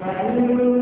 فإن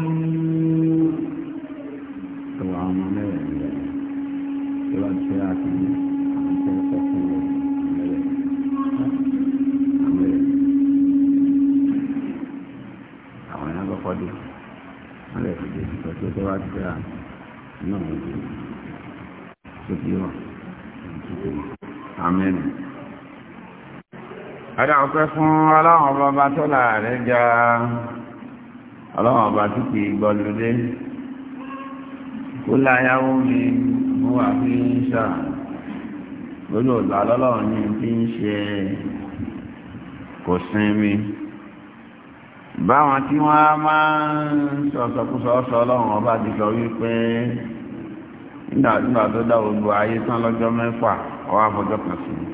adáwọ̀pẹ́ fún ọlọ́run ọba tó láàrẹ já ọlọ́run ọba tó kì í gbọ́lódé kó láyáwó mi mú wà fi ń ṣà lórí òdò alọ́lọ́run ní fi ń ṣe kò sinmi báwọn tí wọ́n máa ń sọ̀sọ̀kúsọ̀ọ́sọ̀ ọlọ́run ọba ti sọ wípé nígbà tó dá gbogbo ayé tán lọ́jọ́ mẹ́fà ọwọ́ àfọjọ́ kan sí i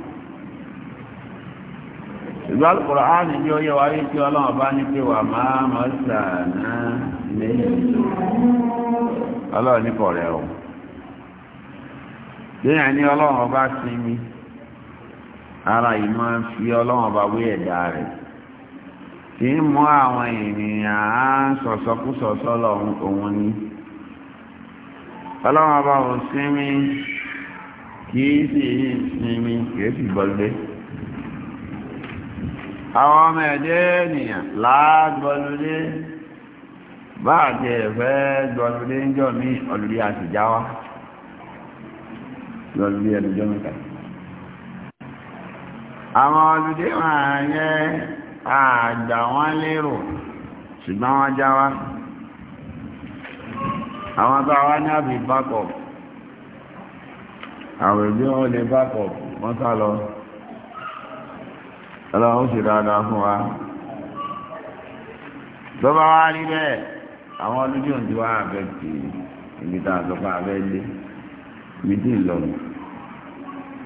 ìgbà Al-Qur'ani ní ó yẹ wá rí tí ọlọ́run bá ní pé wà máa mọ̀ sàánà ní ọlọ́run ní kọ̀rẹ́ o léyìn ní ọlọ́run ọba sinmi ara yìí máa fi ọlọ́run ọba wé ẹ̀dá rẹ̀ kì í mú àwọn ènìyàn á sọ̀sọ́kúsọ̀sọ́ lọ́hùn òun ni ọlọ́run ọba ò sinmi kì í sì sinmi kì í sì bọ́lé àwọn ọmọ ẹ̀dẹ́ ènìyàn láàgbọ́lúdé bá àti ẹ̀fẹ́ gbọ́lúdé ń jọ mí ọlùdí àtìjáwá lọ́lùdí ẹlùjọ́ mẹ́ta àwọn ọlùdé máa yẹ àgbà wọn lérò ṣùgbọ́n wọ́n jáwá àwọn tó wá ní àbí bákọ̀ àwọn ìgbé lè bákọ̀ wọ́n sá lọ ọlọ́run ṣe dáadáa fún wa lọ́ba wa rí bẹ́ẹ̀ àwọn ọdún tí wa abẹ́ tì ibi tá a sọ pé abẹ́ lé ibi tí ì lọ́nu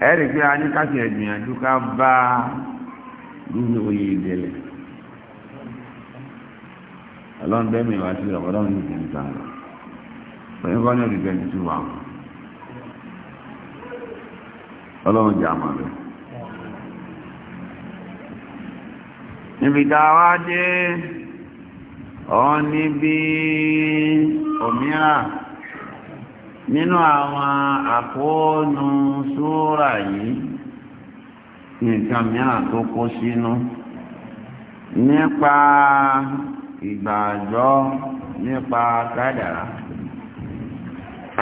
ẹ rí pé a ní káṣí ẹ̀gbìyànjú ká bá lórí oyè ìdẹ̀lẹ̀ ọlọ́run wá sí ọ̀pọ̀ ọlọ́run níbi dáwà dé ọ̀n níbi òmíràn nínú àwọn àkóónú súrà yìí nǹkan mìíràn tó kó sínú nípa ìgbàjọ́ nípa kádàrá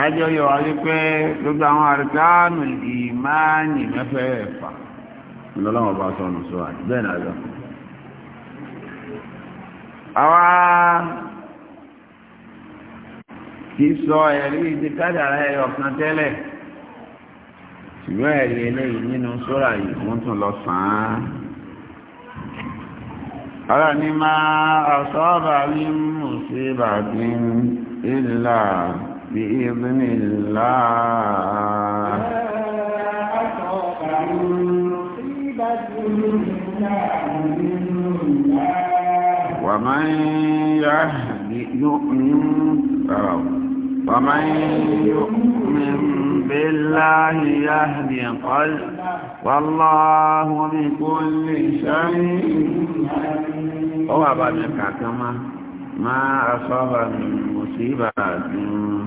ajọ́ yọ wá wípé gbogbo àwọn àrùkánù ìmáànì mẹ́fẹ̀ẹ́fà lọ́lọ́wọ́ bá sọ̀nù sọ́wà náà àwa kì í sọ ẹ̀rí ìdí kádàrá ẹ̀yọ̀ kan tẹ́lẹ̀ ṣùgbọ́n ẹ̀rí eléyìí nínú sọ́ra yìí wọ́n tún lọ sàn án. Ara ni máa àṣọ́bà ní mùsíbà ìlà bí ìdúnìláà. فمن يؤمن فمن يؤمن بالله يهدي قلب والله بكل شيء هو بابك كما ما أصاب من مصيبة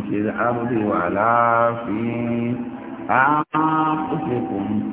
في الأرض ولا في أنفسكم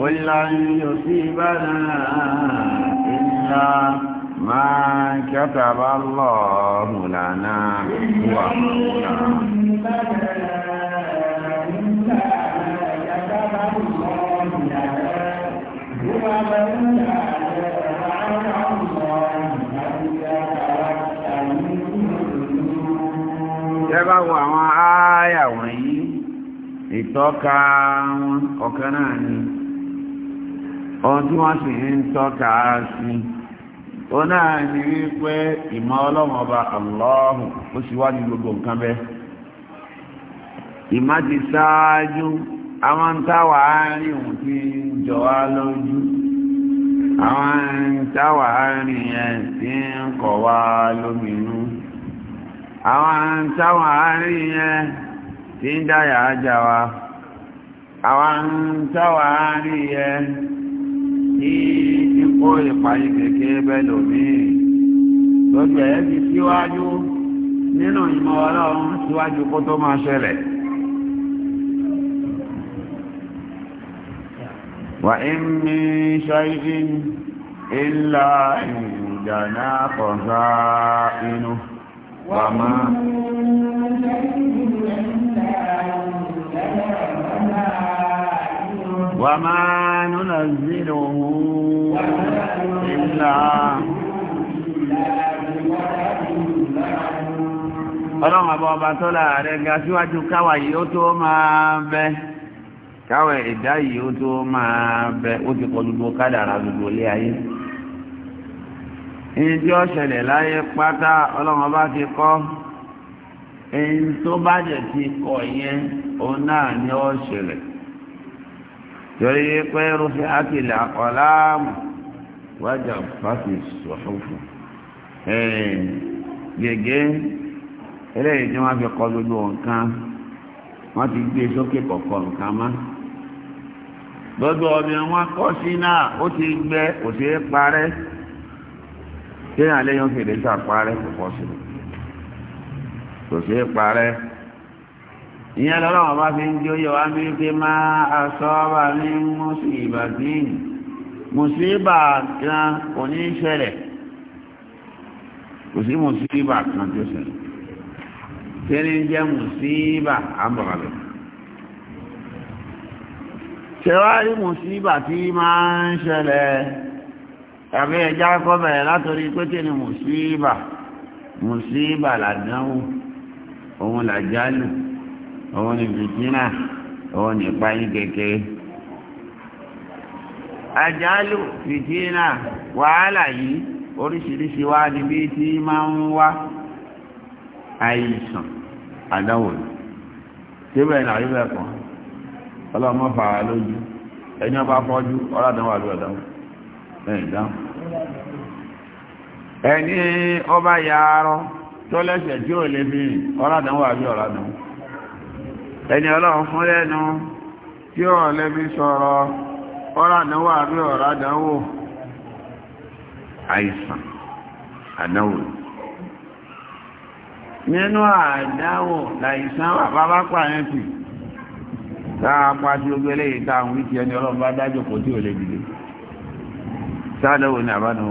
قل لن يصيبنا إلا ما كتب الله لنا وحنا Ẹbá wo àwọn ááyà wọ̀nyí, ìtọ́ka wọn ọ̀kan náà ni. ohun si wọ́n sì ń tọ́ka sí ó náà ní wípé ìmọ̀ ọlọ́run ọba àlọ́hùn ó sì wá ní gbogbo nǹkan bẹ́ẹ̀ ìmọ̀ ti ṣáájú àwọn táwà àárín òun ti jọ wá lójú àwọn táwà àárín ti ń kọ̀ wá lóminú àwọn táwà àárín ti ń dáyà wa àwọn ní kó ìparí kẹ̀kẹ́ bẹ́ẹ̀ lòmíì lọ́jọ́ ẹ̀ fi síwájú nínú ìmọ̀ ọlọ́run síwájú kó tó máa ṣẹlẹ̀ wà ń mi ṣáìdí ilá ìjànà kọ̀ọ̀sá inú wà máa wà máa ننزله إلا ọlọ́run ọba tó láàrẹ ga síwájú káwà yìí ó tó máa bẹ káwà ẹ̀dá yìí ó tó máa bẹ ó ti kọ gbogbo kádàrà gbogbo ayé èyí tí ó ṣẹlẹ̀ láyé pátá ọlọ́run ọba ti kọ́ tó bá jẹ̀ torí pé rúfin àkìlẹ̀ àkọláàmù wájà fàfi sọ̀fọ̀fù gègé eléyìí tí wọ́n fi kọ gbogbo nǹkan wọ́n ti gbé sókè kọ̀kọ́ nǹkan mọ́ gbogbo ọmọ wọn kọ́ sí náà ó ti gbẹ kò sí parẹ́ kéèyàn lẹ́yìn fèrè sàparẹ́ kò kọ́ sí kò sí ìyẹn lọ́lọ́wọ́ bá fi ń jó yọ wá ní pé máa asọ́ọ́bà ní mùsùlùmí tí mùsùlùmí kan kò ní ṣẹlẹ̀ kò sí mùsùlùmí kan tó ṣẹlẹ̀ tẹ́lẹ̀ ń jẹ́ mùsùlùmí àbọ̀bàbẹ̀ ṣẹwárí mùsùlùmí tí máa ń ṣẹlẹ̀ tàbí ẹja kọ́ látọrí pé tẹ́lẹ̀ mùsùlùmí mùsùlùmí làdánwò òun làjálù òun ni bìtínà òun ni ìpayín kékeré àjálù fìtínà wàhálà yìí oríṣiríṣi wá níbi tí máa ń wá àìsàn àdáwò síbẹ̀ náà ibẹ̀ kan ọlọ́mọ fàá lójú ẹni ọba fọ́jú ẹni ọba tó lẹ́sẹ̀ tí lè fi ẹni ọlọ́run fún lẹ́nu tí ó lẹ́bí sọ̀rọ̀ ọ̀rọ̀ ọ̀rọ̀ àdánwò àìsàn àdánwò nínú àdánwò làìsàn bàbá bá pààyàn tí ó gbélé ìta ìtì ẹni ọlọ́run bá dájò kò tí ó lè dìde sáàdánwò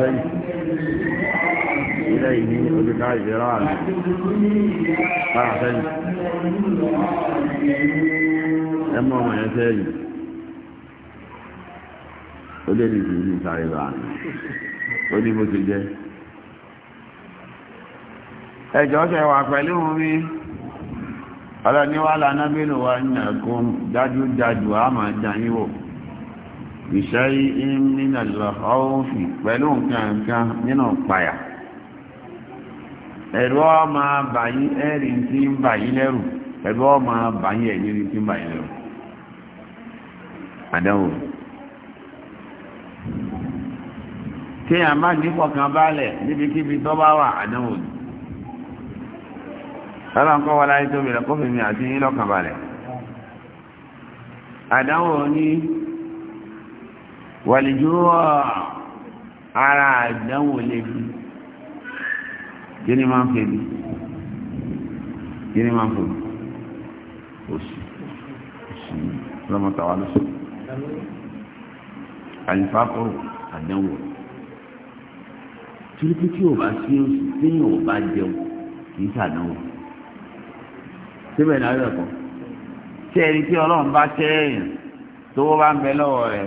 سيء إليه بك عجران فأحسن أما ما يسيء olórí ìlú ní sáré bá ní ó ní bó ti jẹ́ ẹjọ́ ṣe wà pẹ̀lú mi ọlọ́niwá lànà wa ìṣáyí nínú àlọ́ọ̀fì pẹ̀lú nǹkan kan nínú payà ẹ̀rọ ọmọ bàyí ẹ̀rì tí ń bàyí lẹ́rù ẹ̀rọ ọmọ bàyí ẹ̀yìn tí ń bàyí lẹ́rù àdánwò kí a má ní fọkàn balẹ̀ níbikíbi tó bá wà àdánwò ni sábà ń kọ́ wa láyé tó bẹ̀rẹ̀ àti yín lọ́kàn balẹ̀ àdánwò wàlìjúwọ́ ara àdánwò lè fi gíní máa ń febi gíní máa ń febi òsì òsì lọ́mọtàwà lọ́sọ̀ àlìfákọ̀ọ́ àdánwò torí pé tí o bá sí oṣù téèyàn ò bá jẹun kì í ṣàdánwò síbẹ̀ náà yọ̀ kọ́ tí ẹni tí ọlọ́run bá tẹ́ èèyàn tó bá ń bẹ lọ́wọ́ rẹ̀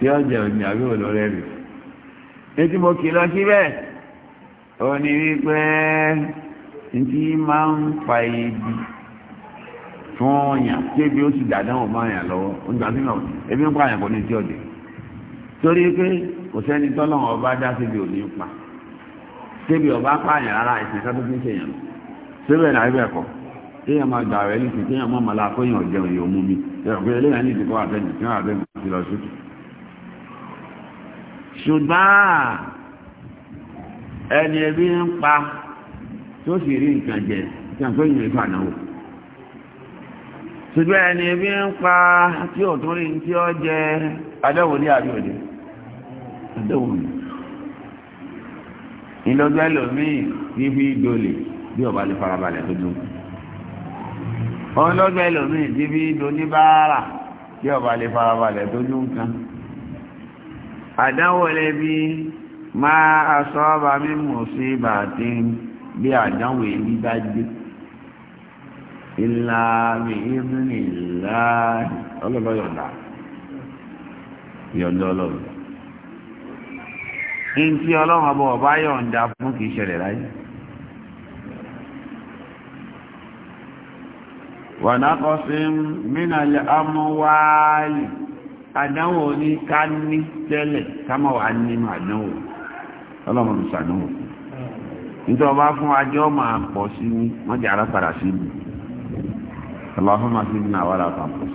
tí ó jẹ òní àbí olórẹ́ rẹ̀ etí mo kìlọ̀ síbẹ̀ ó ní wípé ntí máa ń fa ibi fún ọyàn kébi ó sì dàdánwò máa yàn lọ́wọ́ nígbà tí náà ebi ń pa àyàn kò ní tí ọ̀dẹ̀ torí pé kò sẹ́ni tọ́lọ́wọ́n ọba dá síbi òní pa síbi ọba pààyàn rárá ìsìn ká tó fi ń ṣèyàn síbẹ̀ náà ibẹ̀ kọ̀ kéèyàn máa gbà rẹ̀ nísìnyí kéèyàn máa mọ̀ láàkóyàn ọ̀jẹun yóò mú mi ẹ̀rọ pé eléyàn ní ìdíkọ́ àbẹ́ni tí wọ́n lọ sókè ṣùgbọ́n ẹni ẹbí ń pa tó sì rí nǹkan jẹ nǹkan tó yìnbọn ìfà náà ṣùgbọ́n ẹni ẹbí ń pa tí ò tó rí tí ó jẹ adẹ́wò ní àbíòde adẹ́wò ní ìlọ́gbẹ́ lòmíì ní fi dolè bí ọba lè farabalẹ̀ tó dùn ọlọ́gbẹ́ lòmíì ní fi doníbàárà bí ọba lè farabalẹ̀ tó dùn kan àdánwòlé bí máa asọ́ọ́bà mímọ̀ sí ibà tí bí àdánwò èyí bá dé ìlà mi ìrìn ìlà ọlọ́lọ́ yọ̀dá yọ̀dá ọlọ́run in tí ọlọ́run ọba ọba yọ̀ǹda fún kìí ṣẹlẹ̀ láyé wọ̀nà kọsí mínà amúwáyìí àdánwò ní ká ní tẹ́lẹ̀ kámọ̀ wà nínú àdánwò ọlọ́run ìsàdánwò nítorí ọba fún ajọ́ máa pọ̀ sí ní wọ́n jẹ́ arápadà sí ibi ọlọ́run máa fi ní àwọn pọ̀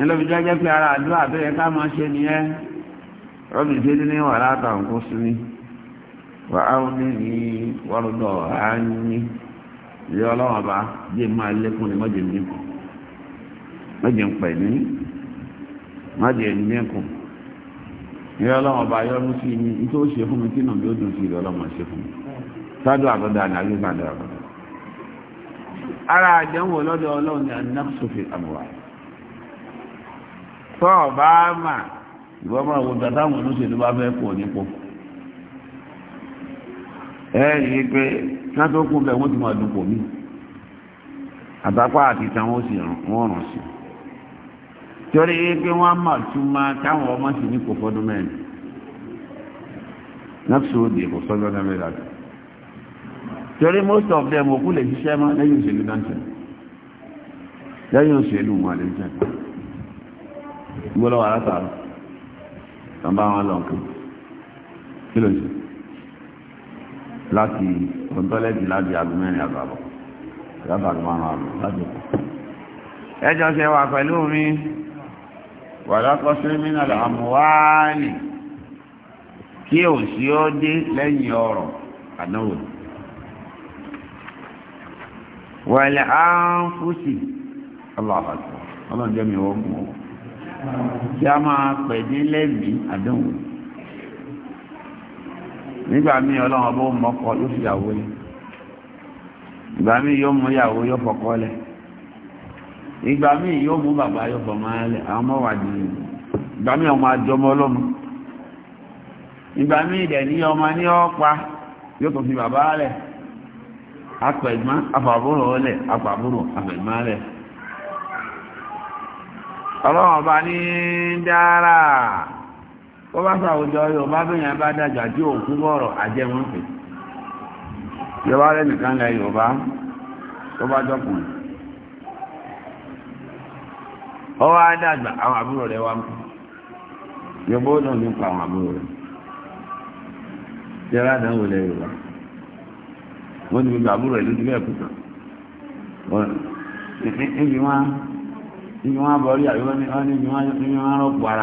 sí. ara àdúrà ká máa ṣe rọ́bì ní kó sí ní ní ní ní ilé jẹ́ máa lékún mẹ́jẹ̀ ń pẹ̀ ní mẹ́jẹ̀ ń mẹ́kùn ọba sí fún mi tí dùn sí ṣe fún mi ọ̀rọ̀ ara àjẹwò lọ́dọ̀ ọlọ́run ni anáfíṣòfin àmúwà tọ́ ọba mà ìwọ́n máa wo àwọn olóṣèlú bá fẹ́ pọ̀ nípò ẹ pé kí wọ́n tó kún bẹ́ẹ̀ wọ́n ti máa dùn torí pé wọ́n mọ̀ túmọ̀ káwọn ọmọ sì ní kò fọdún mẹ́rin nọ́ọ̀sì òde kò sọ́jọ́ náà mẹ́rin àti torí most of them òkú lè ṣiṣẹ́ mọ́ lẹ́yìn òṣèlú dáńtẹ̀ lẹ́yìn òṣèlú wọn lè jẹ́ gbọ́dọ̀ wà látàrú tàn bá wọn lọ nǹkan kí ló ń ṣe láti ọ̀dọ́lẹ́dì láti aago mẹ́rin àbàbọ̀ láti aago márùn-ún àbọ̀ láti ẹjọ́ ṣe wà pẹ̀lú mi. wàlákọ́sí mínà àmúwáàlì kí ò sí ó dé lẹ́yìn ọ̀rọ̀ àdánwò wàlẹ̀ àǹfúsì aláàbàtọ̀ ọlọ́jọ́ mi ọ kí a máa pẹ̀dé lẹ́mìí àdánwò nígbà míì ọlọ́run ọba ó mọ́kọ fi yàwó lẹ̀ ìgbà míì yóò mú yàwó yóò ìgbà míì yóò mú bàbá yóò bọ̀ máa lẹ̀ àwọn ọmọ wà jù ìgbà míì ọmọ àjọmọ ọlọ́mọ ìgbà míì dẹ̀ ní ọmọ ní ọ́pa yóò tó fi bàbá lẹ̀ apẹ̀gbọ́n afàbúrò lẹ̀ apàbúrò apẹ̀gbọ́n lẹ̀ ọlọ́run ọba ní dára ó bá sàwùjọ yorùbá bẹ̀yàn bá dàgbà tí òkú bọ̀rọ̀ àjẹmọ́fẹ̀ yorùbá lẹ́nìkan lẹ yorùbá tó bá jọkùnrin ọwọ́ adágbà àwọn àbúrò rẹ̀ wá mú náà ní pa àwọn àbúrò rẹ̀ jẹ́rọ àdánwò lẹ́ yorùbá wọ́n ti gbogbo àbúrò rẹ̀ lójú bẹ́ẹ̀ kùtà ibi wọn ibi wọn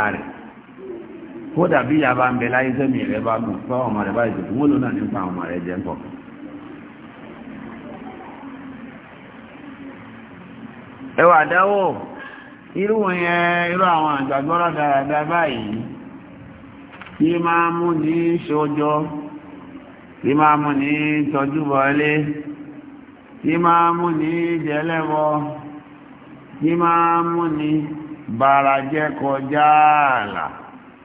ara kódà bí ìyá bá ń bẹ láyé sẹ́mi bá gùn ọmọ báyìí tuntun náà ní pa ọmọ dáwọ́ irú yẹn irú àwọn àgbàgbọ́rọ̀ dáadáa báyìí tí máa mú ní ṣojọ́ tí máa mú ní tọ́jú bọ́lé tí máa mú ní jẹlẹ́bọ tí máa mú ní bàràjẹ́ kọjá ààlà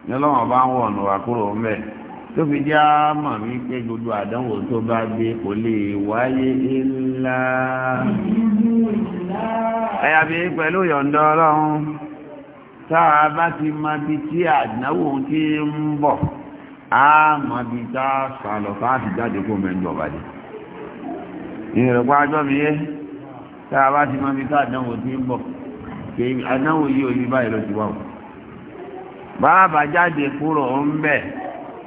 ní bá ń wọ̀nù wà kúrò mẹ́rin tó fi já mọ̀ mí pé gbogbo àdánwò tó bá gbé kò lè wáyé ńlá ẹ̀yà bí pẹ̀lú yọ̀ǹda ọlọ́run tá a bá ti mọ bí tí àdánwò ti ń bọ̀ á mọ bí tá a sàlọ̀ fáàtì jáde kó mẹ́jọ bàjẹ́ ìrẹ̀pọ̀ ajọ́ mi yé tá a bá ti máa fi ká àdánwò tí ń bọ̀ kí àdánwò yìí ò ní báyìí ló ti wà o bá a bá jáde kúrò ń bẹ̀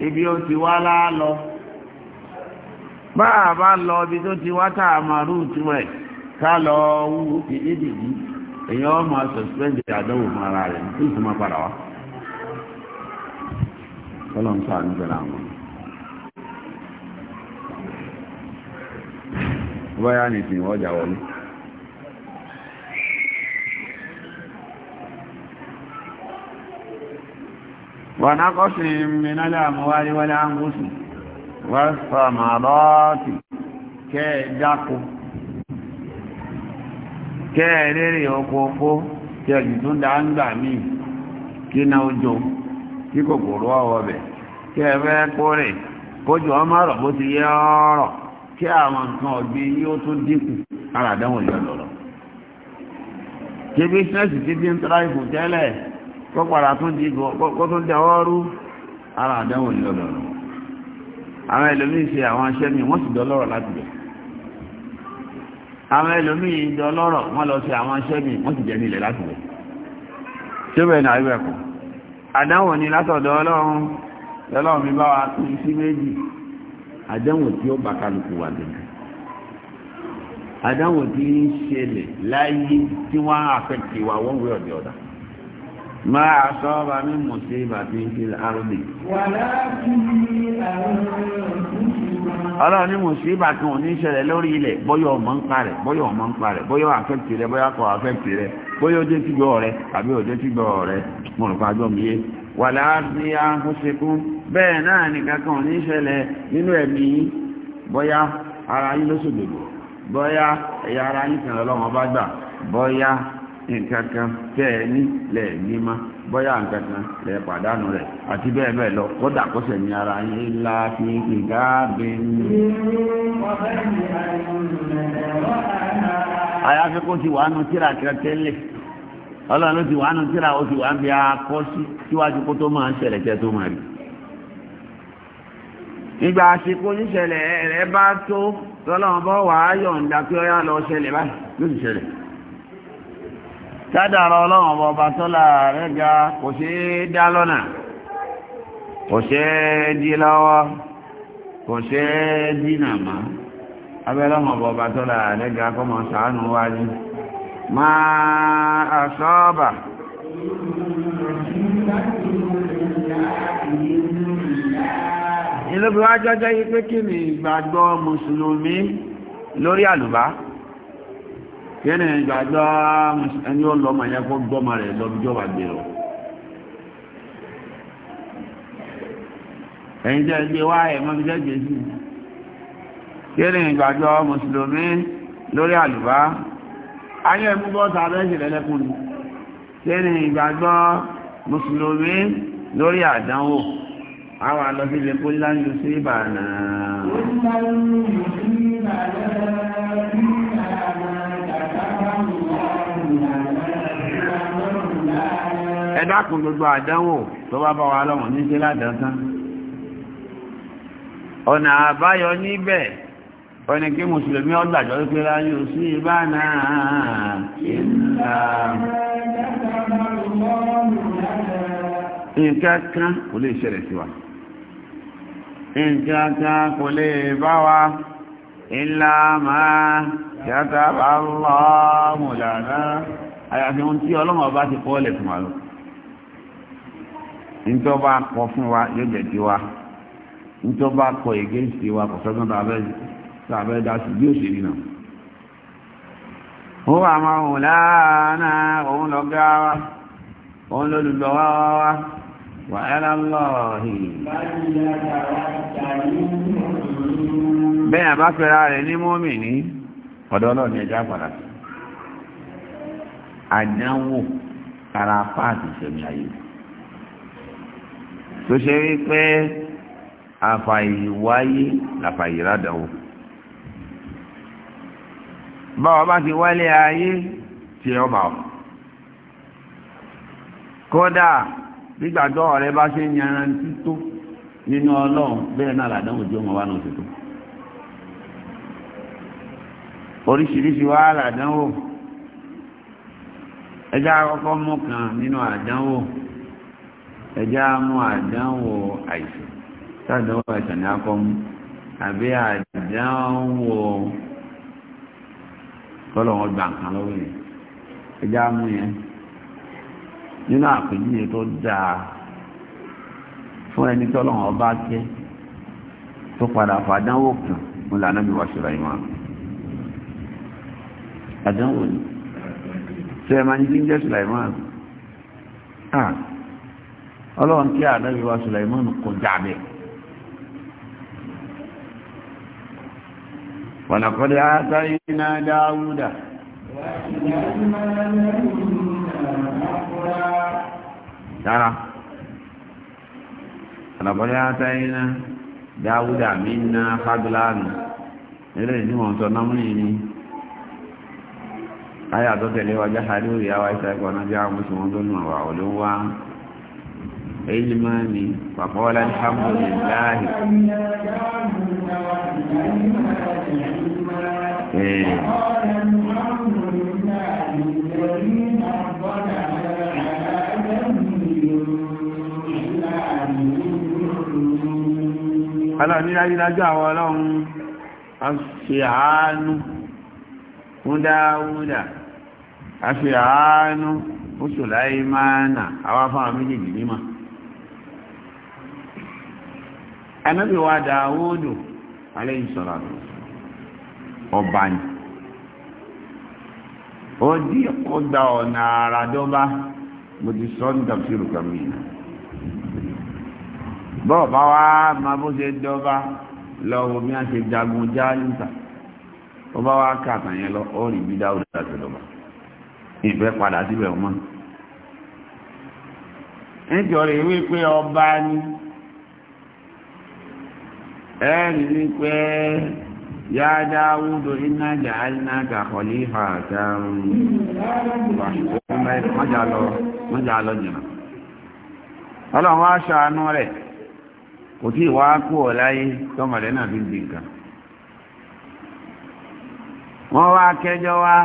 ibi ó ti wá láálọ bá a bá lọ ibi tó ti wá tá a máa rú ìtumọ̀ ẹ̀ ká lọ wú ti dídìdí èèyàn ọmọ suspend àdánwò fún ara rẹ̀ tí ìsúnmọ́ padà wá kọ́lọ̀ ń sọ àníbẹ̀rẹ̀ àwọn bóyá nìsín wọ́jà wọlé ونقص من الأموال والأنفس والثمرات كدقوا kẹ́ẹ̀rẹ́rẹ́ ọkọ̀ọ̀kọ́ tí ẹ̀jù tó dá ń gbà míì kí na ojò kí kòkòrò ọwọ́ bẹ̀ kẹ́ẹ̀fẹ́ kó rẹ̀ kójú ọmọ ọ̀rọ̀ ti yẹ ọ̀rọ̀ kí àwọn nǹkan kọ́pàdà tó di kọ́ tó dáwọ́ rú ara àdánwò ní ọ̀dọ̀rọ̀ àwọn ẹlòmíì ṣe àwọn aṣẹ́ mi wọ́n sì dọ́lọ́rọ̀ láti bẹ̀ àwọn ẹlòmíì dọ́lọ́rọ̀ wọ́n lọ sí àwọn aṣẹ́ mi wọ́n sì jẹ́ nílẹ̀ láti bẹ̀ ṣé bẹ́ẹ̀ náà ibẹ̀ kọ́ àdánwò ni látọ̀dọ̀ ọlọ́run lọ́lọ́run mi bá wa tún sí méjì àdánwò tí ó bá kálukú wà lẹ́nu àdánwò tí ń ṣẹlẹ̀ láyé ما أصاب من مصيبة في الأرض ọlọ́run ní mùsùlùmí kan ò ní ṣẹlẹ̀ lórí ilẹ̀ bóyá ọmọ ń parẹ̀ bóyá ọmọ ń parẹ̀ bóyá àfẹ́tì rẹ bóyá kọ̀ àfẹ́tì rẹ bóyá ó dé tìgbọ́ rẹ àbí ó dé tìgbọ́ rẹ mo rò fájọ́ mi yé wà láàbí àkóṣekún bẹ́ẹ̀ náà nìkan kan ò ní ṣẹlẹ̀ nínú ẹ̀mí bóyá ara yín ló ṣòdòdò bóyá ẹ̀yà ara yín kan lọ́wọ́ bá gbà bóyá nǹkan kan le n'ima ní lẹ́ẹ̀mí má bóyá nǹkan pàdánù rẹ̀ àti lọ kódà kó ara yín la fi ìgbà bẹ́ẹ̀ ni. àyàfi kó ti wàánu tíra kan tẹ́lẹ̀ ló ti wàánu tíra ó ti wàá bí akọ́ sí síwájú kó tó máa ń tó máa rí. ìgbà àsìkò kádàrà ọlọ́run ọba tó láàrẹ́ ga kò ṣe é dá lọ́nà kò ṣe é dí lọ́wọ́ kò ṣe é dínà má abẹ́lọ́run ọba tó láàrẹ́ ga kọ́ mọ̀ sàánú wájú máa àṣọ́ọ̀bà ìlú bí wájọ́jọ́ yí pé kí ni ìgbàgbọ́ mùsùlùmí lórí àlùbá kíni ìgbàjọ́ ẹni ó lọ́mọ yẹn kó gbọ́mọ rẹ̀ lọ́bíjọ́ wà gbé lọ. ẹ̀yin tẹ́ gbé wá ẹ̀ mọ́bí tẹ́ gbé sí. kíni ìgbàjọ́ mùsùlùmí lórí àlùbá ayé ẹ̀mú bọ́ sábẹ́ ìṣẹ̀lẹ̀ lẹ́kùn ni. kíni ìgbàjọ́ mùsùlùmí lórí àdánwò àwọn àlọ́sílẹ̀ kó láyé sí ìbànú. ó ń bá yóò sí ìbànú. ẹ̀dákun gbogbo àdánwò tó bá bá wa lọ́wọ́ ní ṣe ládàtán ọ̀nà àbáyọ níbẹ̀ ọ̀nà kí mùsùlùmí ọgbàjọ́ pé láyé sí ibá náà nǹkan kò lè ṣẹlẹ̀ sí wa nǹkan kò lè bá wa ilá máa yàtàbà lọ́mùlànà àyàfi ohun tí ọlọ́mọ̀ bá ti kọ́ lẹ̀ fún àlọ́ ntọ́ba kọ fún wa yóò jẹ́ tiwa ntọ́ba kọ ègé tiwa kò sọ́gbọ́n tó abẹ́ dá sí bí ó ṣe rí na ó wà máa hùn láàánà òun lọ wa òun lùlọ wá wá wá wà á lọ lọ́ọ̀hì. bẹ́ẹ̀ bá pẹ̀lú ara rẹ̀ ní mọ́mì ní ọ̀dọ́ ẹja padà sí. àdánwò tó ṣe wípé àfàìwáyé làfàìrádàwò báwa bá ti wálé ayé tí ọ bá ọ kódà gbígbàgbọ́ ọ̀rẹ́ bá ṣe ń yanrantí tó nínú ọlọ́run bẹ́ẹ̀ náà làdánwò tí ó mọ̀ wá náà ṣètò oríṣiríṣi wá làdánwò ẹjá àkọ́kọ́ mú kan nínú àdánwò ẹjá mú àdánwò àìsàn sádánwò àìsàn ní akọ́mú àbí àdánwò tọ́lọ̀wọ́ gbà nǹkan lọ́wọ́ yẹn ẹjá mú yẹn nínú àpèjúwe tó dáa fún ẹni tọ́lọ̀wọ́ bá kẹ́ tó padà fàdánwò kan mo là náà bí wàá ṣùgbọ́n ìwọ̀n àdánwò ni sẹ́ẹ̀ máa ń jíjẹ́ ṣùgbọ́n ìwọ̀n ọlọ́run kí ànábì wa Sùlẹ̀mánù kò jàbẹ̀. wàlàkọ́dé ata iná dáúdà. dára wàlàkọ́dé ata iná dáúdà mí ná fadúlánù eré ìdíwọ̀n sọ náà mú yìí ayé àtọ́tẹ̀lé wájá sáré òyìnbá wáyé sáré kan náà bí àwọn mùsùlùmí tó nù àwọn olówó wa. علما فقال الحمد لله إيه. Ọlọ́run ní dájúdájú àwọn ọlọ́run a ṣe àánú fún Dáúdà, a ṣe àánú fún Sùláìmánà, àwọn afọ́nà méjèèjì mímọ̀. ànábì wa Dáwúdù alayhi salatu ọba ni ó ọgbà ọ̀nà àrà dọ́bá mo ti sọ ní tàbísírù kan mi máa bó ṣe dọ́bá lọ́wọ́ mi àti jagun jáàlùtà ó bá wá kàtàn yẹn lọ ẹ̀rì wípé yá dáwúdò iná jà iná gà kọ̀lí ha àtàrùn mọ́jà lọ jìnà ọlọ́run wá ṣàánú rẹ̀ kò tí ìwá kú ọ̀ láyé tọ́mọ̀lẹ́ náà fi ń di nǹkan wọ́n wá kẹjọ́ wá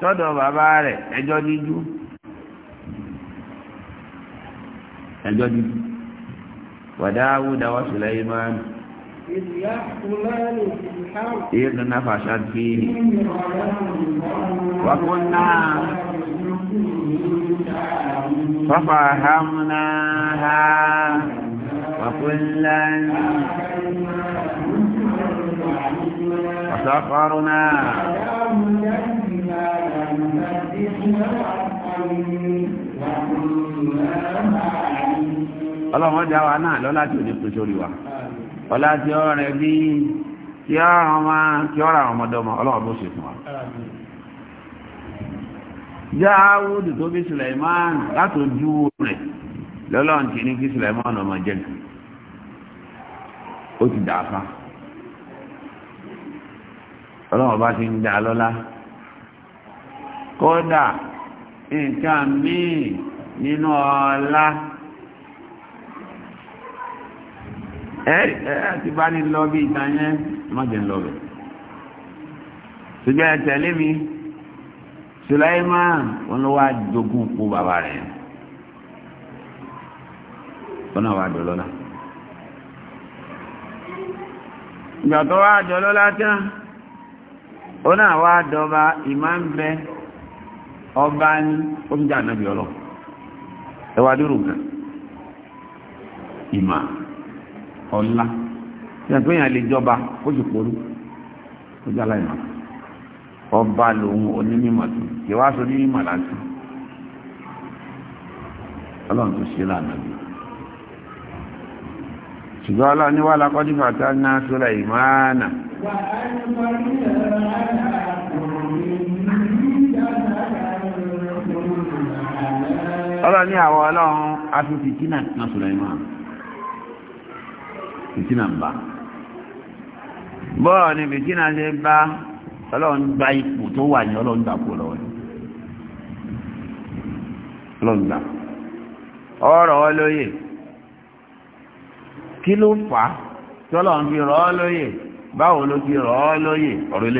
sọ́dọ̀ bàbá rẹ̀ ẹjọ́ díjú ẹjọ́ díjú wàdáwúdà wá Sùlẹ́ímánù إذ نفشت فيه وكنا ففهمناها وكلا وسخرنا ọlọ́run ọjà wa náà lọ́lá tí ò ní pèsè orí wa ọlá tí ó rẹ̀ bí kí ó rà ọmọ kí ó rà ọmọdọ́mọ ọlọ́run bó ṣe fún wa jáwúdù tó bí Suleiman látòjú rẹ̀ lọ́lọ́run ti ní kí Suleiman ọmọ jẹ́ ó ti dàáfà ọlọ́run bá ti ń dá lọ́lá kódà nǹkan míì nínú ọlá àti bá ní lọ bí ìta yẹn ń lọ bẹ̀. ṣùgbọ́n ẹ̀tẹ̀lé mi Sulaiman wọn ló kú bàbá rẹ̀ wọn náà dọ̀lọ́lá. ìgbà tó dọ̀lọ́lá ọ̀la yẹn pé yẹn lè jọba sì ó jẹ́ ọba lòun onímọ̀ tó kí wá sọ onímọ̀ láti ọlọ́run tó ṣe lánàá bí ṣùgbọ́n ọlọ́run ní wà lákọ́jú fàtà náà ọlọ́run ní àwọn ọlọ́run kí náà fìtínà na bá bọ́ọ̀ ni fìtínà ṣe gba ipò tó wà ní ọlọ́run gbà kú ọ̀rọ̀ ọlọ́yè kí ló fà tí ọlọ́run fi báwo ló fi ọ̀rọ̀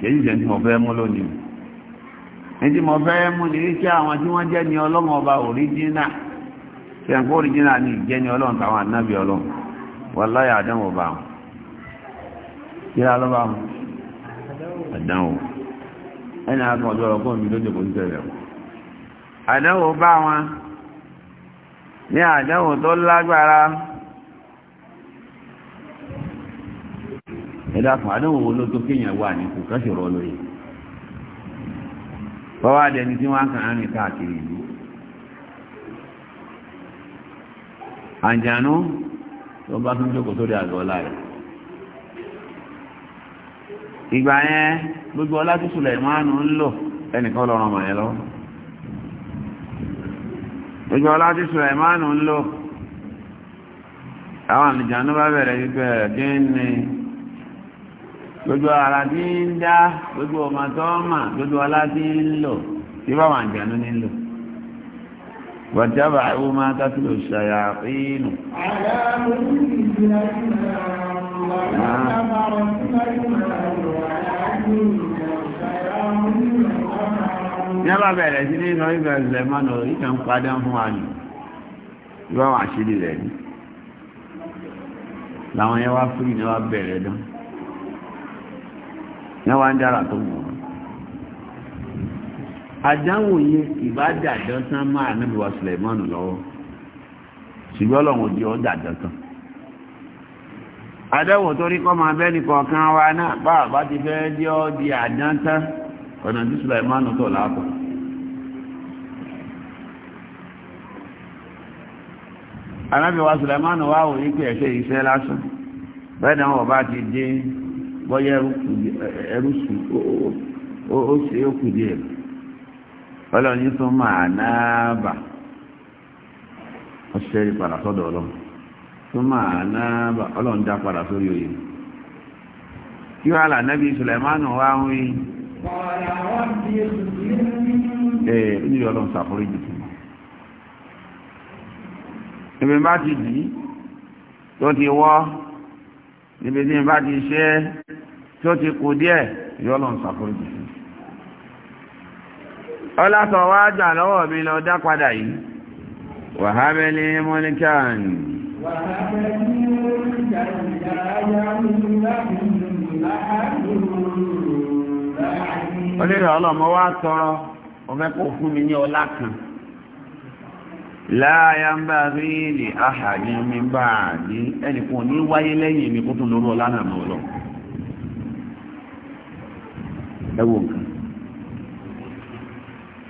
kìí ṣe tí mo fẹ́ mú lónìí mo fẹ́ mú ní àwọn tí wọ́n jẹ́ ọlọ́run ọba òríjínà wàláyà àdánwò bá wọn kíra ló bá wọn àdánwò ẹni àkàn ọjọ́ ọ̀rọ̀ mi lójú kò ń tẹ̀lé wọn àdánwò bá wọn ní àdánwò tó lágbára ẹ̀dá àdánwò wo ló tó kéèyàn wà ní kò kẹ́sọ̀rọ̀ lóye bọ́wá dẹni tí wọ́n kàn án rìn káàkiri ìlú àjànú tó bá tún jókòó sórí àgọ́ ọlá rẹ̀. ìgbà yẹn gbogbo ọlá tí Sùlẹ̀mánù ń lò ẹnìkan lọ́rọ̀ ọmọ yẹn lọ́wọ́ gbogbo ọlá tí Sùlẹ̀mánù ń lò àwọn àlùjànnú bá bẹ̀rẹ̀ wípé ẹ̀dín ni gbogbo ara tí ń dá gbogbo ọmọ tó mà gbogbo ọlá tí ń lò tí báwọn àlùjànnú ní ń lò. واتبعوا ما تتلو الشياطين على ملك وما أمر ní ọba bẹ̀rẹ̀ sí ní ìlọ ìgbà ìlẹ̀ mọ́nà ìkà ń padà fún wa nì ìwà wà sí ilẹ̀ ní làwọn yẹn wá fún ìnáwà bẹ̀rẹ̀ dán yẹn wá ń dára tó mọ̀ àdánwò yẹn ìbádà dantan máa níbi wa Sùlẹ̀mánù lọ́wọ́ ṣùgbọ́n ọlọ́run òdi ọjà dantan àdánwò torí kọ́ máa kọ̀ọ̀kan wa náà bá ti fẹ́ dí ọ́ di àdántán ọ̀nà tí Sùlẹ̀mánù tọ̀ láàpọ̀ anábì wa wò ọba ti bọ́yá ẹrú sùn ọlọ́run yìí tún máa náàbà ọṣẹ́ rí padà sọ́dọ̀ ọlọ́run tún máa náàbà ọlọ́run dá padà sórí oyè kí wàá nẹ́bí sùlẹ̀mánù wá ń wí. ẹ ẹ ọlọ́run ṣàforíjì fún ti dì í tó ti wọ́ ibi tí bá ti ṣe é tó ti kù díẹ̀ ìyọ́lọ́run ṣàforíjì fún sọ wá gbà lọ́wọ́ mi lọ dá padà yìí wàhábẹ́ mọ́níkàn onírẹ̀ ọlọ́mọ wá tọrọ ọfẹ́ kó fún mi ní ọlá kan láàyà ń bá rí ní àhàrí mi bá ní ẹnìkan ní wáyé lẹ́yìn mi kó tún ọlá náà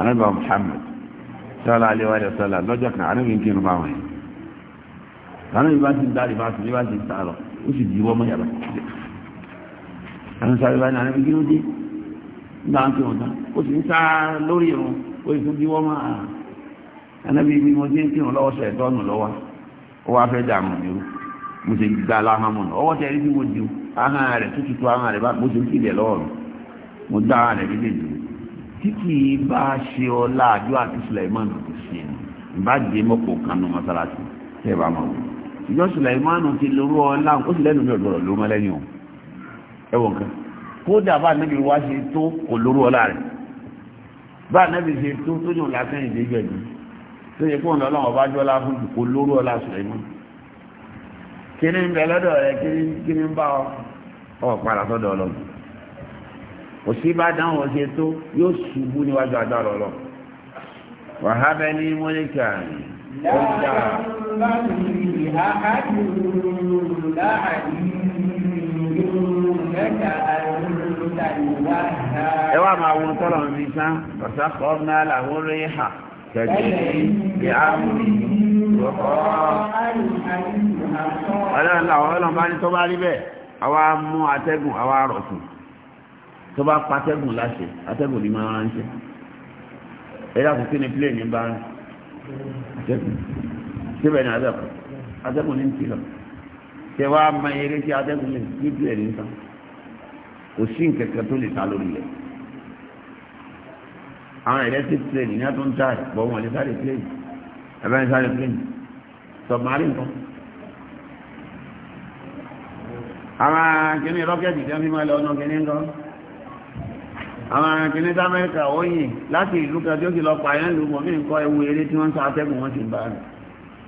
anábà Muhammad sọ́lá aléwárí sọ́lá lọ́jọ́ kan anábì ń kírun báwọn yìí anábì bá ti ń dárí bá ti bá ti ń sàrọ̀ ó sì jíwọ́ mọ́ yàrá àwọn sáré báyìí anábì kí ló dé nígbà ń kírun tán ó sì ń sá lórí irun ó sì tún jíwọ́ mọ́ àrùn anábì bí mo ti ń kírun lọ́wọ́ sẹ̀ tọ́nù lọ́wọ́ ó wá fẹ́ dààmú ni ó mo sì gba aláhàmù náà ọwọ́ tẹ̀ rí bí mo di ahọ́n rẹ̀ tútù tó ahọ́n rẹ̀ bá mo sì ń kílẹ̀ lọ́wọ́ mo dá ahọ́n rẹ̀ méjèèjì tí kì í bá ṣe ọlá àjọ àti Suleiman kò ṣe ni ìbájẹ́ mọ́pọ̀ kanu mọ́sálásí tẹ́ ẹ bá máa wò ìjọ Suleiman ti lórú ọlá ó sì lẹ́nu mi ò gbọ́dọ̀ ló mọ́ lẹ́yìn o ẹ wọ nǹkan kódà bá níbi wá ṣe tó kò lórú ọlá rẹ̀ bá níbi ṣe tó tó yàn lásán ìdíjọ́ ìdí tó yẹ kó ọ̀nà ọlọ́run ọba jọ́lá fún kò lórú ọlá Suleiman kí ni ń bẹ lọ́dọ̀ rẹ̀ kí ni ń bá ọ ọ̀ padà sọ́dọ̀ ọlọ́run òṣìbá dáhùn ọ̀ṣẹ́ tó yóò ṣubú níwájú agbára ọlọ́ wàhábẹ́ ní mọ́lẹ́kà ẹ wá máa wo tọ́lọ̀ mi sán ọ̀sán kọ́ náà làwọn olóyè hà tẹ̀lé ní àmì ìrọ̀kọ́ ọlọ́run àwọn ọlọ́run bá ní tó bá rí bẹ́ẹ̀ àwa mú atẹ́gùn àwa tó bá pa atẹ́gùn láṣẹ atẹ́gùn ní máa ránṣẹ́ ẹ̀yà kò kí ni plane ń bá rìn atẹ́gùn síbẹ̀ ní abẹ́kọ̀ atẹ́gùn ní ti lọ tẹ wá ma eré sí atẹ́gùn lè ní plane ní sàn kò sí nkẹ̀kẹ́ tó lè ta lórí rẹ̀ àwọn electric plane ní atún táì bọ̀ wọn lè sáré plane ẹ̀bẹ̀ ń sáré plane submarine kan. àwọn kìnnìún rọ́kẹ́tì tí wọ́n fi máa lọ ọ̀nà kìnnìún kan àwọn arìnkìní sámẹ́ríkà ó yìn láti ìlú kan tí ó sì lọ pa ayé ńlú mọ̀mí nǹkan ewu eré tí wọ́n ń sa atẹ́gùn wọn ti bá rẹ̀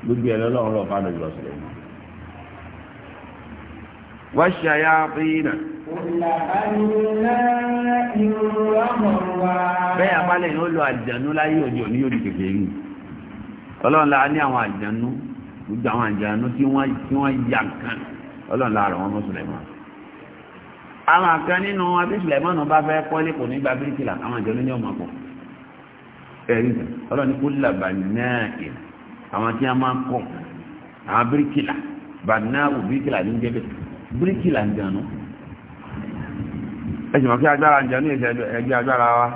gbogbo ẹ̀ lọ́lọ́run lọ fàdọ̀ jùlọ sílẹ̀ mọ́. wọ́n ṣe àyà pínà. bẹ́ẹ̀ apálẹ̀ yóò lo àjànú láyé òde òní yóò di kékeré yìí ọlọ́run la ní àwọn àjànú gbogbo àwọn àjànú tí wọ́n yà kan ọlọ́run la rọ̀ wọ́n mọ́ sílẹ̀ mọ́ àwọn kan nínú abíṣìlẹ̀ mọ́nà bá fẹ́ kọ́lé kò ní gba bíríkìlà àwọn ìjọ ní ọmọ pọ̀ ẹ̀rí ọlọ́ni kó làbà náà kì àwọn tí a máa ń kọ́ àwọn bíríkìlà bàdínáàbù bíríkìlà ní jẹ́bẹ̀ bíríkìlà ń jẹun ẹ̀sìn mọ̀ kí agbára ń jẹun ẹgbẹ́ agbára wa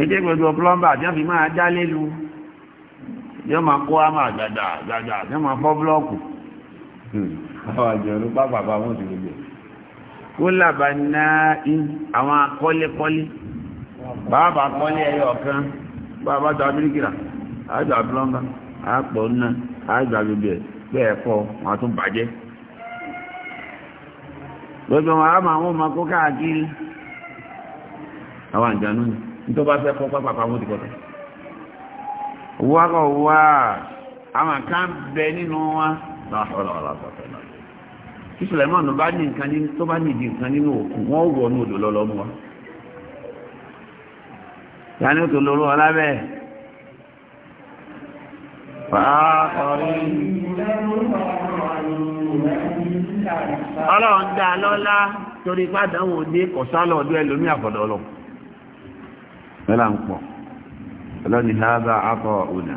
ètè gbogbo plọ́mbà tí wọ́n fi máa já lélu yóò máa kó àmà gbàgbà gbàgbà yóò máa fọ́ búlọ́ọ̀kù hmm. àwọn àjọ̀rú pápá àwọn kólàbà náà àwọn akọ́lékọ́lé bàbá kọ́lé ẹyọ kan bàbá tó abirikira àjọ plọ́mbà àpọ̀ náà àjọ agbègbè bẹ́ẹ̀ kọ́ wọn tún bàjẹ́ gbogbo wọn a máa wọn máa kó káàkiri àwọn àjànú ni nítorí bá fẹ́ kọ́ pápá wọn ti kọ́ta wọ́n kọ̀ wá àwọn kan bẹ nínú wa lọ́wọ́ lọ́wọ́ lọ́wọ́ tí Sùlẹ́mánù bá ní nǹkan ní tó bá nìdí nǹkan nínú òkun wọ́n wọ ní odò lọ́lọ́ mú wa yàní tó lóró ọlábẹ́ ọlọ́run dá lọ́lá torí pàdánwò dé kọ̀sálọ̀ ọdún ẹlòmí àkọ̀dọ̀ lọ mẹ́lá ń pọ̀ ọlọ́ni lábá akọ̀ ònà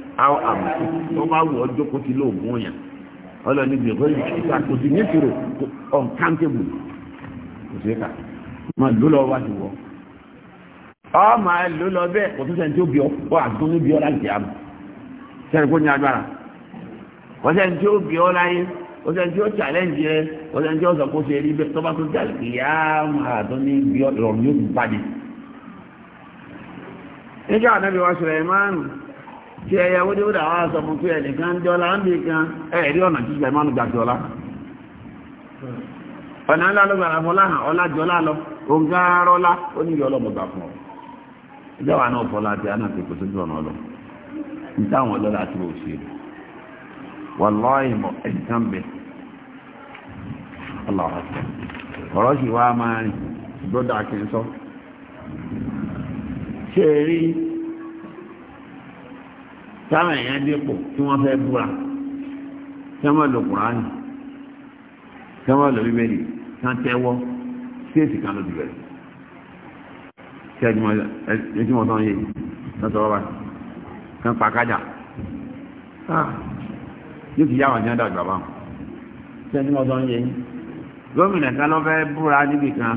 àwọn àbùkù tó bá wù ọ kó ti lóògùn òyàn ọlọ́ni gbèkó ìṣà kò sí nítorò uncountable kò sí ká máa ló lọ wá wọ ọ máa ló lọ kò tó tó bí ọ ọ àtúntò ní bí ọ láti àmì sẹ́ni kó ní agbára kò tó bí ọ láyé kò tó challenge ẹ kò sẹ́ni tó sọ kó ṣe rí bẹ́ẹ̀ tó tó jà lè yá ní bí ọ yóò tún bí wọ́n ṣe rẹ̀ tí ẹyẹ wóde wóde àwọn aṣọ fún pé ẹnìkan dọ́là ń bí kan ẹ̀rí ọ̀nà jíjà ìmánu gbà ọ̀nà ńlá ló ọlá jọlá lọ táwọn èèyàn dépò tí wọ́n fẹ́ búra tí wọ́n lò kùránì tí wọ́n lò bíbélì tí wọ́n tẹ́wọ́ síèsì kan ló ti bẹ̀rẹ̀ tí ẹjú mọ̀ tán yé lọ́sọ̀ ọba kan pa kájà ah, yóò ti yá àwọn jẹ́ dàgbà bá tí ẹjú mọ̀ tán yé gómìnà kan ló fẹ́ búra níbì kan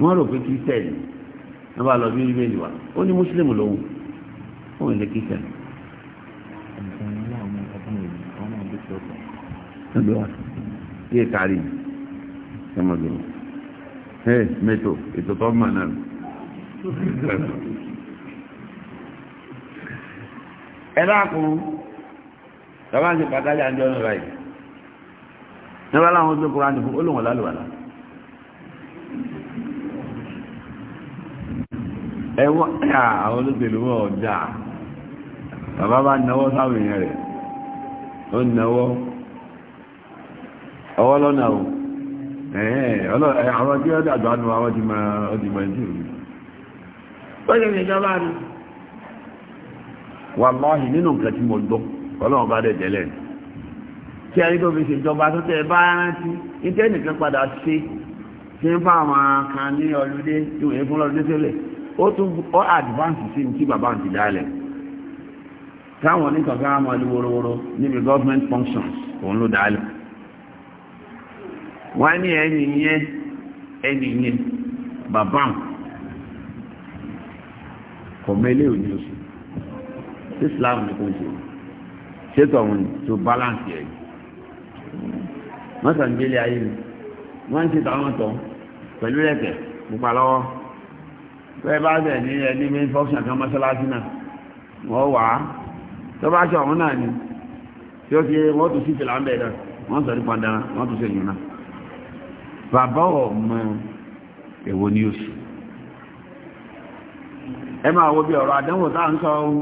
wọ́n rò pé kí sẹ́ẹ̀lì wọ́n bá lọ bí bíbélì wa ó ní mùsùlùmí lòun phone in the kitchen. Number one. Here, Karim. Come on, go. Hey, Meto. It's a top man now. Ẹ dákun, tọ́wá ń ṣe pàtàkì àjọ ọ̀nà báyìí. Níwá láwọn tó kúrò ánìfún olóhùn lálùwàlá. Ẹwọ́n àwọn olóṣèlú wọ́n ọ̀dá. bàbá bá náwó sáwọn rẹ̀ ó náwó ọwọ́ lọ́nà o àwọn tí ó dàgbà nù àwọn ti máa ọdí máa jù nínú nǹkan tí mo gbọ́ bá dẹ̀ tẹ́lẹ̀ tí a rí tó fi ṣèjọba tó tẹ́ bá rántí ìtẹ́ nìkan padà ṣe tí ń fà kan ní ọlúdé tí wọ́n fún ó táwọn oníkọ̀ọ́kọ́ á máa lu worowóró níbi government functions òun ló dálẹ̀ wọ́n ní ẹni yẹn ẹni yẹn bàbá àwọn kọ̀mẹ́lẹ́ òní oṣù tí Islam ní kò ṣe ṣètò àwọn tó balance yẹn wọ́n sàn gbélé ayé mi wọ́n ń ṣètò àwọn tó pẹ̀lú ẹ̀kẹ́ pupa lọ́wọ́ bẹ́ẹ̀ bá bẹ̀ ní ẹni main function kan mọ́ṣáláṣí náà wọ́n wà á. tó bá ṣe náà ni tí ó ti wọ́n tún sí ìfìlà ń bẹ̀rẹ̀ wọ́n sọ ní pàdánà wọ́n tún sí náà wo bí ọ̀rọ̀ àdánwò tá ń sọ ohun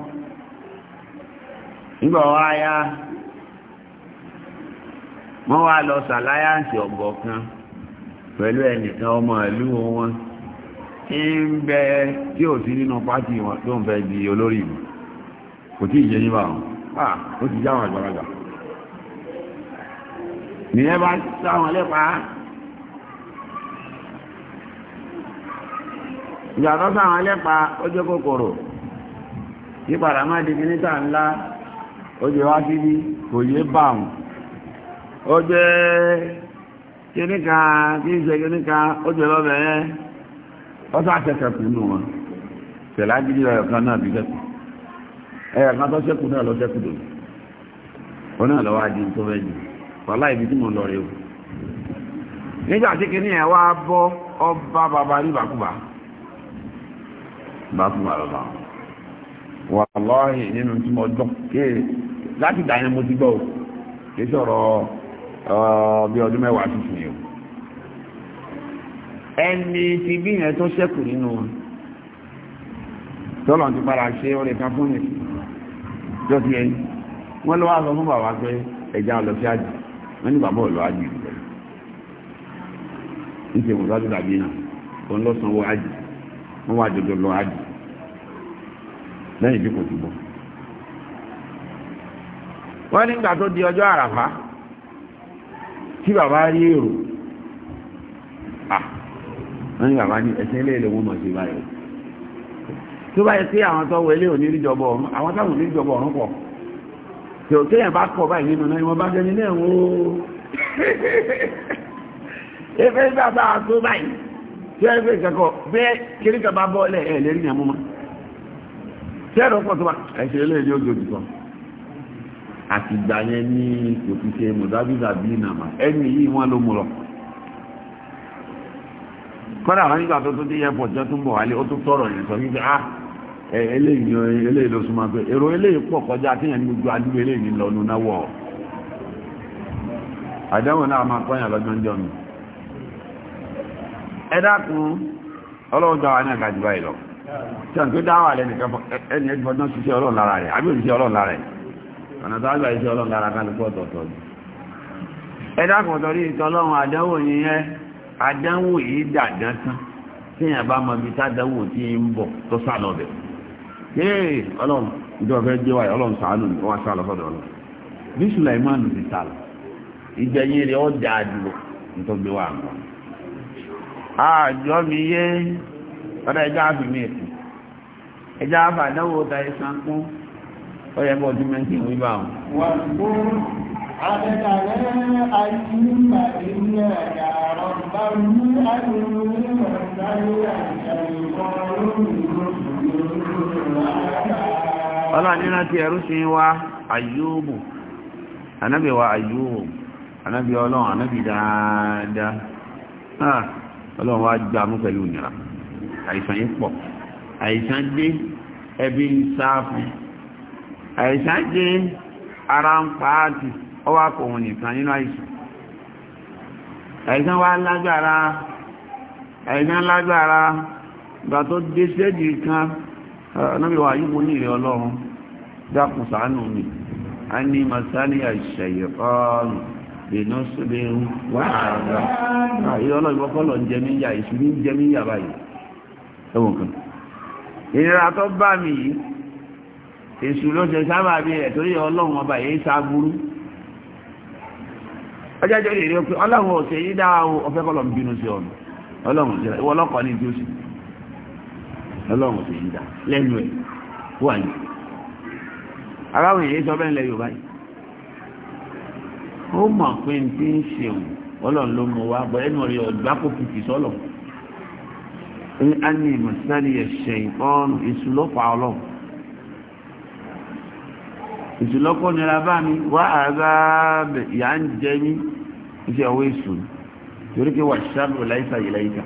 nígbà wá yá wọ́n wá lọ sàláyàǹsì ọ̀gọ̀ pẹ̀lú ẹnìkan ọmọ ìlú wọn ń bẹ tí ò sí nínú pátì wọn di olórí kò tí ì yẹ yín bá wọn ah ó ti já àgbàlagbà nìyẹn bá wọn lẹ́pàá ìyàtọ̀ sá wọn lẹ́pàá ó jẹ́ kòkòrò ìpàdà nla di kìnnìtà ńlá ó jẹ́ wá kò yé bá wọn ó jẹ́ kìnnìkà kí n ṣe wọn tẹ̀lá gidi ẹ̀yà kan tó ṣẹ́kù náà lọ ṣẹ́kù dòdò ó náà lọ́wọ́ adi tó fẹ́ jù wàhálà ibi tí mo lọ rẹ o nígbà tí kìíní ẹ̀ wá bọ́ ọba bàbá ní bàkúbà bàkúbà lọ́la wàláhì nínú tí mo gbọ́ kéè láti ìgbà yẹn mo ti gbọ́ o kìí sọ̀rọ̀ bí ọdún mẹ́wàá tuntun yìí o ẹni tí bí yẹn tó ṣẹ́kù nínú tọ́lọ̀ ti padà ṣe orin kan fún mi tó fi ẹni wọ́n lọ́wọ́ sọ fún bàbá pé ẹja lọ sí àjì wọ́n ní bàbá ọ̀lọ́ àjì rẹ̀ ń ṣe mọ̀sájú dàbí náà òun lọ sanwó àjì wọ́n wá jọjọ lọ àjì lẹ́yìn bí kò ti bọ̀ wọ́n nígbà tó di ọjọ́ àràfá tí bàbá rí èrò ah wọ́n ní bàbá ní ẹsẹ̀ ilé ìlú wọn mọ̀ sí báyìí tó bá yẹ pé àwọn tó wọlé òní ọ̀run àwọn táwọn níjọba ọ̀run pọ̀ tí ó kéèyàn bá kọ̀ báyìí nínú náà ìwọ̀n bá jẹ́ nílé ẹ̀wọ̀n ooo ẹgbẹ́ bàbá tó báyìí tí ó ẹgbẹ́ ìkẹ́kọ̀ọ́ bẹ́ẹ̀ kíríkà bá bọ́ kọ́dà wọn nígbà tó tó dé yẹpọ̀ jẹ́ tó ń bọ̀ tọrọ yẹn sọ wípé ah eléyìí eléyìí ló súnmọ́ pé èrò eléyìí pọ̀ kọjá téèyàn ní gbogbo adúlé eléyìí lọ náwọ̀ náà máa kọ́yàn lọ́jọ́ ńjọ́ mi ẹ dákun ọlọ́run wa ní báyìí lọ tí a ń pé dáwà lẹ́nu ẹni ẹni fọdún ṣiṣẹ́ ọlọ́run lára rẹ̀ àbí òṣìṣẹ́ ọlọ́run lára rẹ̀ ọ̀nà tó ọlọ́run lára kálukú ọ̀tọ̀ọ̀tọ̀ ẹ dákun ìtọ́lọ́run yìí àdánwò yìí dàdán tán téèyàn bá mọ ibi tádánwò tí ń bọ̀ tó sá lọ bẹ̀. yéè ọlọ́run ìjọ fẹ́ jẹ́ wáyé ọlọ́run sàánù ni wọ́n sá lọ sọ́dọ̀ ọlọ́run. bí Sùlàìmánù ti sá lọ ìgbẹ̀yìn rẹ̀ ọ́ dáa dúró nítorí gbé wà ń àjọ mi yé ọ̀dọ̀ ẹja ẹja ta kún عبدنا أيما إنا يا ربه Ọlọ́run ní láti ẹrú sí wá àyóòbù, ànábì wa àyóòbù, ànábì ọlọ́run, ànábì dáadáa. Náà, ọlọ́run wá gbá mú pẹ̀lú ìnira, àìsàn yí pọ̀. Àìsàn dé ẹbí ń sáà fún. Àìsàn dé ara ń pàá tì. ọwọ́ akọ̀ nìkan nínú àìsàn àìsàn wá lágbàra àìsàn lágbára gbà tó dé sẹ́ẹ̀dì kan ọ̀nàmìwà ní ọlọ́run dákùn sàánù mi a ní masani àṣẹyẹ̀kọ́ọ̀nù dènà sóbẹ̀ wà ṣe ẹ̀ torí ọlọ́run ọjọ́jọ́ lè rí o ọlọ́run ò yí dáa o ọ̀fẹ́ lọ ń bínú sí ọ̀nà ọlọ́run ṣe ìwọ ọlọ́kọ̀ ní tí ọlọ́run ṣe yí dáa lẹ́nu ẹ̀ èyí sọ bẹ́ẹ̀ Yorùbá yìí ó mọ̀ pé n ti ń ṣeun ọlọ́run ló wa bọ̀ ẹnu kò sọ́lọ̀ sáré ẹ̀ṣẹ̀ ìṣúlọ́pàá ọlọ́run ìtùlọ́kọ́ nira bá mi wá àzáàbẹ̀ ìyá ń jẹ mí iṣẹ́ ọwọ́ èṣù torí kí wà ṣáàbù láìsà ìlẹ́yìnkà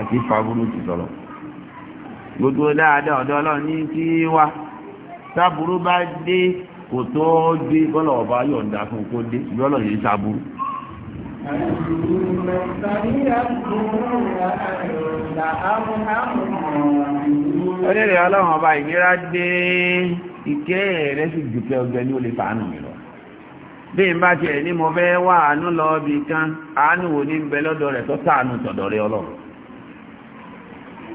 àti fàbúrú ti sọ̀rọ̀ gbogbo dáadáa ọ̀dọ́ ọlọ́run ní tí wá sábúrú bá dé kò tó dé bọ́lọ̀ ọba yọ̀ǹda fún kó dé bọ́lọ̀ yìí sábúrú. ó ọlọ́run ọba ìnira dé ìkẹ́ rẹ̀ sì jùkẹ́ ọgbẹ́ ní ó lè fàánù mi lọ bí n bá tiẹ̀ ní mo fẹ́ wá àánú lọ bí kan àánú wo ní ń bẹ lọ́dọ̀ rẹ̀ tó sàánú tọ̀dọ̀ rẹ̀ ọlọ́run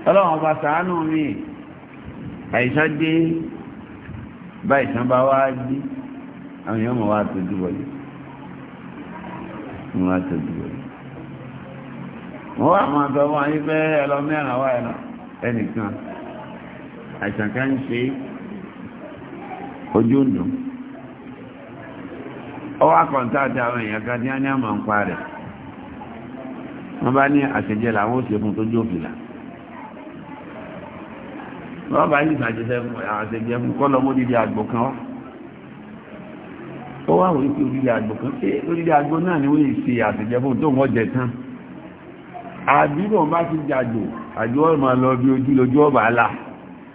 ọlọ́run bá sàánú mi àìsàn dé bá ìsàn bá wá dé àwọn èèyàn mọ̀ wá tójú bọ̀lẹ̀ wọ́n wá tójú bọ̀lẹ̀ wọ́n wá máa sọ wọn yí ẹlọ mẹ́rin wá ẹnìkan àìsàn kan ń ṣe é ojú ń dùn ọwọ́ akọ̀ǹtà àti àwọn èèyàn kan tí wọ́n ní àmọ́ ń pa rẹ̀ wọ́n bá ní àṣẹjẹ làwọn ó ṣe fún tó jófìlà wọ́n bá ní ìsàjẹsẹ àṣẹjẹ fún kọ́ lọ́mọ dídí àgbò kan wá ó wá wòye pé orílẹ̀ àgbò kan pé orílẹ̀ àgbò náà ni wọ́n ṣe àṣẹjẹ fún tó wọ́n jẹ tán àbúrò bá ti jàjò àjò ọ̀rọ̀ máa lọ bí ojú lójú ọ̀bà àlà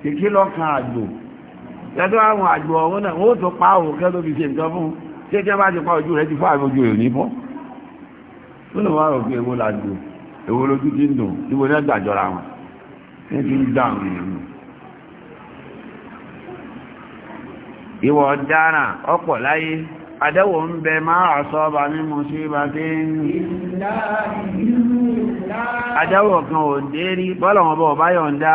kékeré lọ́kàn àjò kẹtọ́ àwọn àjò ọ̀wọ́n náà wọ́n tó pa òun kẹ́tọ́ fi ṣe nǹkan fún ṣé tí wọ́n bá ti pa ojú rẹ̀ ti fún àwọn ojú rẹ̀ ní bọ́ tó lè wá rò pé èwo làjò èwo lójú ti ń dùn níbo ní ẹgbàjọra wọn ní ti ń dà àwọn èèyàn nù. ìwọ ọ̀daràn ọ̀pọ̀ láyé àdẹ́wò ń bẹ máa àṣọ́ọba mímú sí bá tí ń àdẹ́wò kan ò dé rí bọ́lọ̀ wọn bọ̀ báyọ̀ ń dá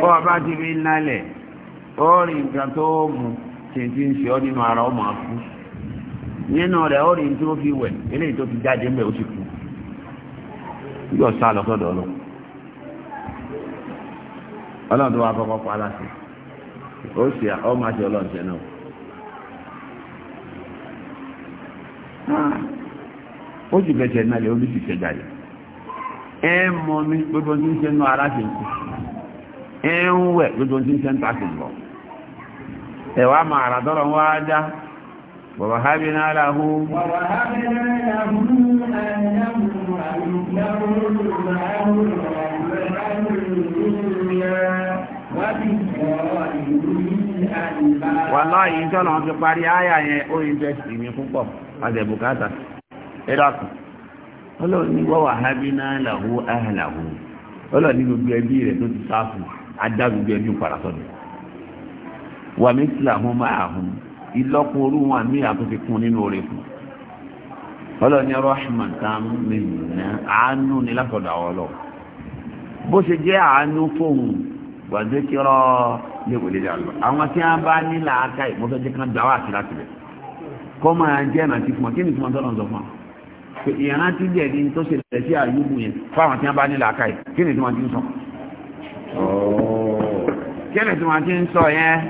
bọ́ ọba ti fi ó rí nǹkan tó mú ń ṣe ọ́ nínú ara ọmọ akú nínú rẹ̀ ó rí tí ó fi wẹ̀ eléyìí tó fi jáde ń bẹ̀ ó sì kú yóò sá lọ sọ́dọ̀ ọlọ́run tó wá fọ́kọ́ pa aláṣẹ ó sì ọlọ́run náà ó sì náà ó sì jáde ẹ mọ mi ṣe ń wẹ̀ lójú ohun tí ń ṣe sí lọ ẹ̀wà máa rà tọ́lọ̀ wá dá bàbá hábí náà láhú wà láàyè tọ́lọ̀ ti parí áyà yẹn ó yí bẹ́ẹ̀ sí mi púpọ̀ àtẹ̀bùkátà ẹ̀dàkùn ọlọ́run ní wọ́wà náà láhú gbogbo ẹbí rẹ̀ tó ti sáfù adágbègbè ẹbí padà sọ́dọ̀ wà mí sílẹ̀ àwọn ọmọ àhùn ìlọ́kùn orú wọn àmì àtúnfi kún nínú orí fún ọlọ́ni rahman kan mìíràn àánú ni látọ̀dọ̀ àwọn ọlọ́ bó ṣe jẹ́ àánú fóun gbàdékìrọ léwèlé lọ àwọn tí wọn bá ní làákà yìí mọ́tò jẹ́ kán gbà wá sí láti bẹ̀ kọ́ máa jẹ́ ìrántí tí fún kí ni tí wọ́n ti ń Oh. kí ni tí ti ń sọ yẹn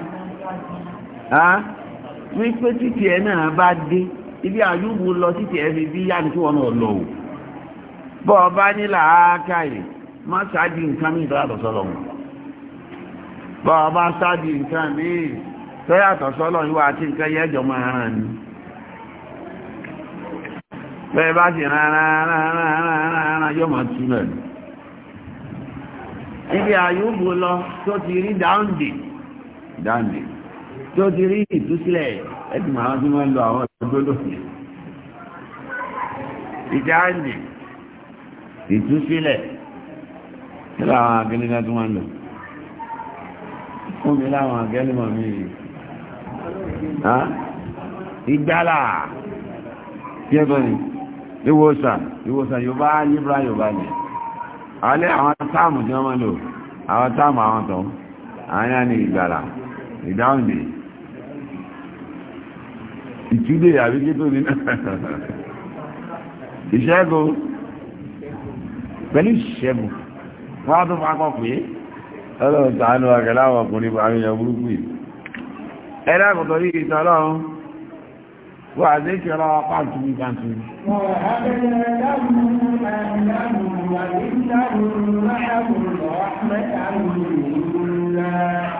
wípé títí ẹ náà bá dé ibi àyùbù lọ títí ẹ fi bí yáni tí náà lọ o ọ bá ní má ṣáájú nǹkan mi ìdọ́yàtọ̀ sọ́lọ̀ wọn bọ́ ọ bá nǹkan mi ìdọ́yàtọ̀ sọ́lọ̀ ìwà àti nǹkan bá sì yóò ibi àyùbù lọ tó ti rí dáńdì dáńdì tó ti rí ìtúsílẹ̀ ẹ̀dùn àwọn tí wọ́n lọ àwọn ìgbólófin ìdáńdì ìtúsílẹ̀ tí láwọn agẹ́lẹ́gá tí wọ́n lọ fún mi láwọn agẹ́lẹ́mọ̀ mi ìgbàlà tí ẹgbẹ́ ni ìwòsàn ìwòsàn yóò bá yíbra yóò bá yìí alẹ́ àwọn táàmù tí wọ́n mọ́ lò àwọn táàmù àwọn tọ́ àárín àní ìgbàrà ìdáhùndé ìtúdé àríké tó ní ìṣẹ́gun pẹ̀lú ìṣẹ́gun wọ́n á tó fákọ̀ pé ọlọ́run tàánú ọ̀rẹ́ láwọn ọkùnrin àwọn èèyàn burúkú yìí ẹ̀dá àkọ́kọ́ yìí ìtọ́lọ́run وذكرى قلبي قلبي وهبنا له أهله وإنهم معهم رحمة منا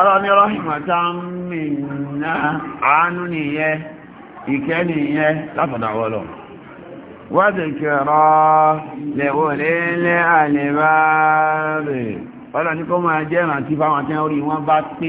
Ọlọ́ni rọ́hìmọ̀tá mìíná àánú nìyẹn, ìkẹ́ nìyẹn látọ̀dá wọ́lọ̀. Wọ́n ti kẹ̀rọ lẹ̀wọ̀ lẹ́lẹ́ àlẹ́bàá rẹ̀. Ọlọ́ni kó máa jẹ́ ìrántí fáwọn tí wọ́n bá pé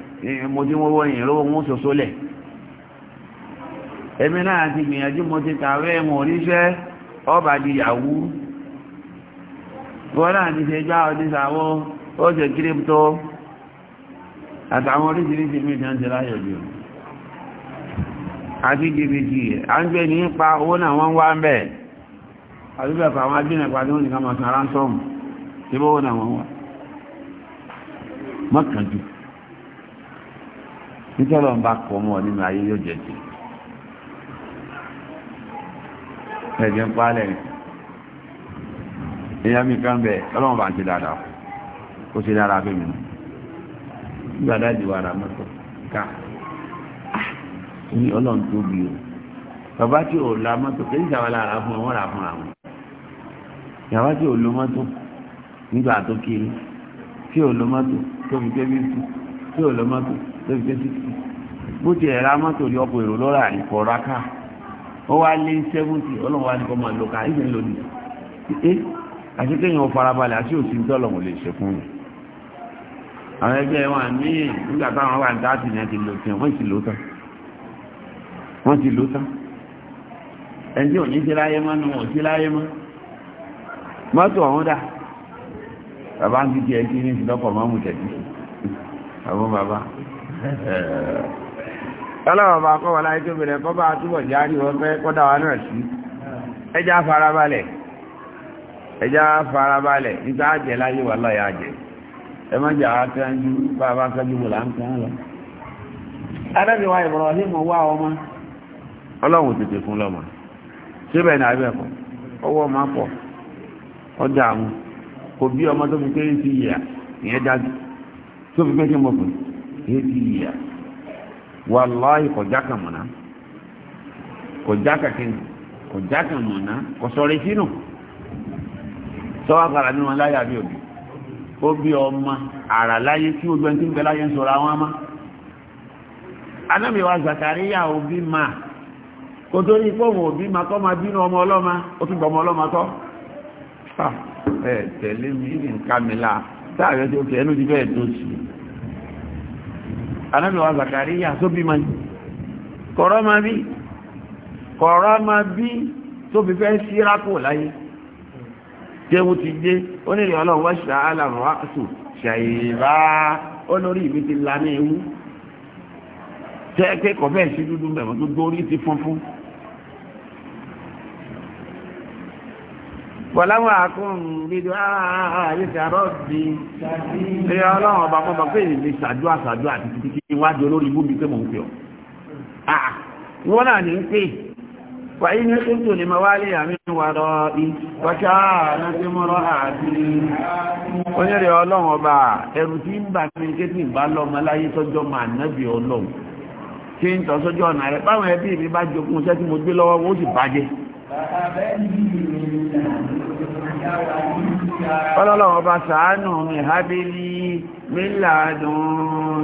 mo ti wọ́wọ́ yìí lọ́wọ́ mú ṣoṣo lẹ̀ èmi náà ti gbìyànjú mo ti kàwé mo ríṣẹ́ ọba di yàwú wọ́n náà ti ṣe gbá ọdí sàwọ́ ó ṣe kíríptó àtàwọn oríṣiríṣi mi jẹun ti láyọ̀ pa owó náà wọ́n wá ń bẹ̀ àdúgbẹ̀kọ̀ àwọn abínẹ̀pá mọ́kànjú nítorí ọ̀n bá pọ̀ mọ́ nínú ayé yóò jẹ́ jẹ́ ẹ̀jẹ̀ ń palẹ̀ èyàn mi kan bẹ̀ ọlọ́run bá ń ṣe dáadáa ó ṣe dáadáa fún mi nù nígbà dájú wa ra mọ́tò ká ah, ní ọlọ́run tóbi o bàbá tí ò la mọ́tò kí nígbà wà lára fún wọn rà fún àwọn bàbá tí ò lo mọ́tò nígbà tó kiri tí ò lo mọ́tò tó fi tí ò lo mọ́tò tó fi gbèsè kí bó ti ẹ̀rá mọ́tò ní ọkọ̀ èrò lọ́ra ìkọ̀ raka ó wá lé sẹ́fúntì ọlọ́run wá ní kọ́ máa lọ ká ìgbẹ́ lónìí ẹ àti kéèyàn farabalẹ̀ àti òsì ń tọ́lọ̀ wọn lè ṣe fún yẹn àwọn ẹgbẹ́ wọn ní nígbà táwọn wà ní dáàtì yẹn ti lò tiẹ̀ wọ́n ti lò tán wọ́n ti lò tán ẹni tí ò ní sí láyé mọ́ ni wọn ò láyé mọ́ mọ́tò ọ̀hún dà bàbá ń ti tiẹ̀ kí ọlọ́wọ́ bá kọ́ wà láyé tó bẹ̀rẹ̀ kọ́ bá túbọ̀ járí wọ́n fẹ́ kọ́dà wa náà sí ẹjá farabalẹ̀ ẹjá farabalẹ̀ níta àjẹ́ láyé wà láyé àjẹ́ ẹ má jẹ́ àwọn akẹ́jú bá lọ. tètè fún pọ̀ àwọn kò bí ọmọ tó fi kéré sí ìyà tó fi pé kí eighty years ya jaka kan mọ̀nà kọjá kàkínní kọjá kan mọ̀nà kọsọ̀rọ̀ ìṣínú sọ́wọ́ kàrà obi aláyà bí òbí ó bí ọmọ àrà láyé tí ó gbẹ́ntí ń wa Zakariya ma kò tó ma ma bínú ọmọ ọlọ́mà mi la i anábìwà zakariya tó bí ma kọ̀rọ̀ ma bí kọ̀rọ̀ ma bí tó fi fẹ́ sírákù láyé jẹun ti dé onírìn ọlọ́run wá ṣe àlàrùn àṣù ṣàyèbá olórí ìbí ti la ní ewu tẹ́ pé sí dúdú mẹ́wọ́n tó dórí ti funfun Bọ̀láwọ̀ àkún gbídò ààrẹ ṣàrọ̀ bí i ọlọ́run ọba mọ́bà pé èyí lè ṣàdúà ṣàdúà àti títí kí wájú olórí ibú mi pé mò ń pè ọ́. Àà wọ́n náà ní ń pè wà yí ní ṣíntò lè máa wálé àmì wàrọ̀ ìwọ́ká láti mọ́rọ̀ àti onírẹ̀ ọlọ́run ọba ẹrù tí ń bà mí ké tí bá lọ́mọ láyé tọ́jọ́ máa nábì ọlọ́run kí ń tọ́sọ́jọ́ ọ̀nà rẹ̀ báwọn ẹbí mi bá jogún iṣẹ́ tí mo gbé lọ́wọ́ wọ́n sì bàjẹ́ ọlọ́lọ́wọ́ ọba sàánù mi hábílì mílàdùn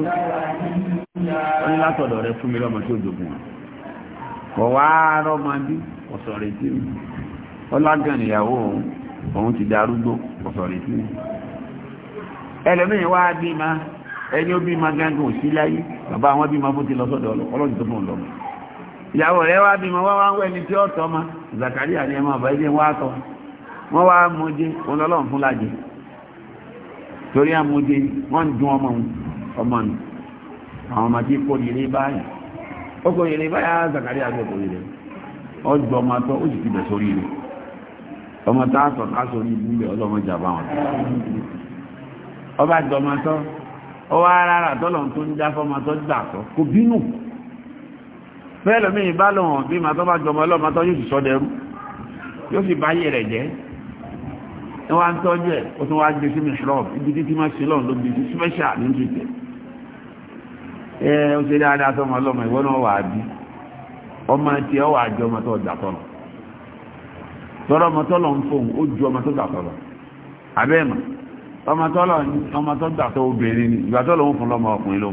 ó ní látọ̀dọ̀ rẹ fún mi lọ́mọ tí ó jogun kọ̀ wá rọ́mọ bí ọ̀sọ̀rẹ̀ tí mi ọlágàn ìyàwó òun ti darúgbó ọ̀sọ̀rẹ̀ tí mi ẹlòmíín wá bímọ ẹni ó bímọ gángan òsí láyé bàbá àwọn bímọ fún ti lọ sọ́dọ̀ ọlọ́dún ìyàwó rẹ̀ wá bímọ wá wá ń wẹ́ni tí ó tọ́ ma Zakaria ni ẹmọ ọ̀bá ilé wá tọ́ wọ́n wá mọ́jẹ́ ọlọ́lọ́n fún lájẹ́ torí àmọ́jẹ́ wọ́n ń dún ọmọ ọmọ nù àwọn ọmọ tí kò nílé báyìí ó kò nílé báyìí ó gbọ́ tọ́ ó sì ti bẹ̀ sórí rẹ̀ ọmọ tá a sọ ká sórí ibú bẹ̀ ọlọ́mọ wọn ọba gbọ́ tọ́ ọwọ́ ara rà tọ́lọ̀ tó ń já tọ́ gbà tọ́ kò bínú fẹ́lọ̀mí ìbálòhàn bí ma tó bá jọmọ ọlọ́mọ tó yóò sì sọ́dẹ̀rú yóò sì báyé rẹ̀ jẹ́ wọ́n ń tọ́jú ẹ̀ ó tún wá gbé sí mishrop ibi títí máa sí lọ́n ló gbé sí special ní twitter ẹ ó ṣe dáadáa sọmọ ọlọ́mọ ìwọ náà wà á bí ọmọ ti ọ wà á jẹ ọmọ tó ọjà tọ̀nà tọ́rọ ọmọ tọ́lọ̀ ń fòun ó ju ọmọ tó gbà tọ̀lọ̀ ọmọ tọ́lọ̀ ọmọ tó gbà obìnrin ìgbà tọ́lọ̀ ń fún lọ́mọ ọkùnrin ló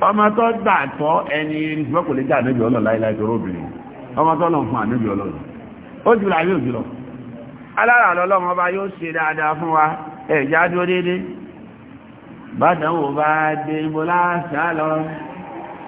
ọmọ tó gbà tọ́ ẹni ṣùgbọ́n kò lè jẹ́ ànábì ọlọ́run láíláí tó róbìnrin ọmọ tó lọ fún ànábì ọlọ́run ó ti bìlà yóò jùlọ alára lọ́lọ́run ọba yóò ṣe dáadáa fún wa ẹ̀já dúró déédéé bá dánwò bá dé bọ́lá sálọ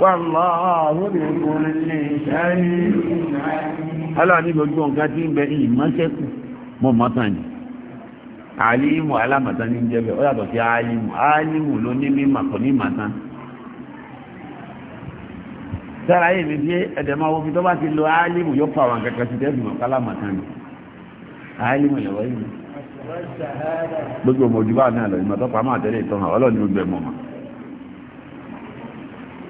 Wàláhù ní nǹkan tí ń bẹ ìmọ́ṣẹ́kù mọ́ mọ́tàn ni. Àlímù alámọ̀tán ní jẹ́bẹ̀, ó yàtọ̀ sí àlímù. Àlímù ló ní mímọ̀ kò ní mọ̀tán. Sára yìí tó bá ti lo àlímù yóò pa àwọn kankan sí kálámọ̀tán ni. Àlímù yìí. Gbogbo náà lọ ìtọ́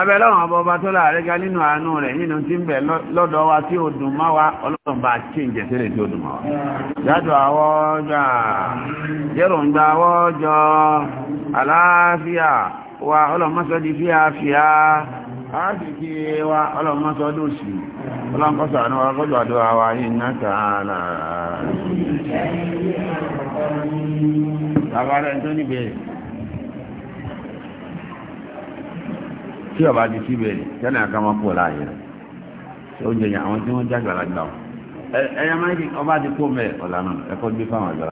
abẹ́lọ́wọ̀n ọba ọba tó láàrẹ́ nínú àánú rẹ̀ nínú tí ń bẹ̀ lọ́dọ̀ wa tí ó dùn máa kí ń jẹ̀sílẹ̀ tí ó dùn máa wa jádọ̀ àwọ́jọ́ àwọ́jọ́ wa ọlọ́mọ́sọ́ di fíàfíà áàkìkí wa tó tí ọba ti sí bẹ̀rẹ̀ tẹ́lẹ̀ aka máa kó láàyè rẹ̀ tí ó jẹyàn àwọn tí wọ́n jágbàlagbà ẹ̀yà máa ń ọba ti kó mẹ́ ọ̀lànà ẹ̀kọ́ gbé fáwọn àgbàlagbà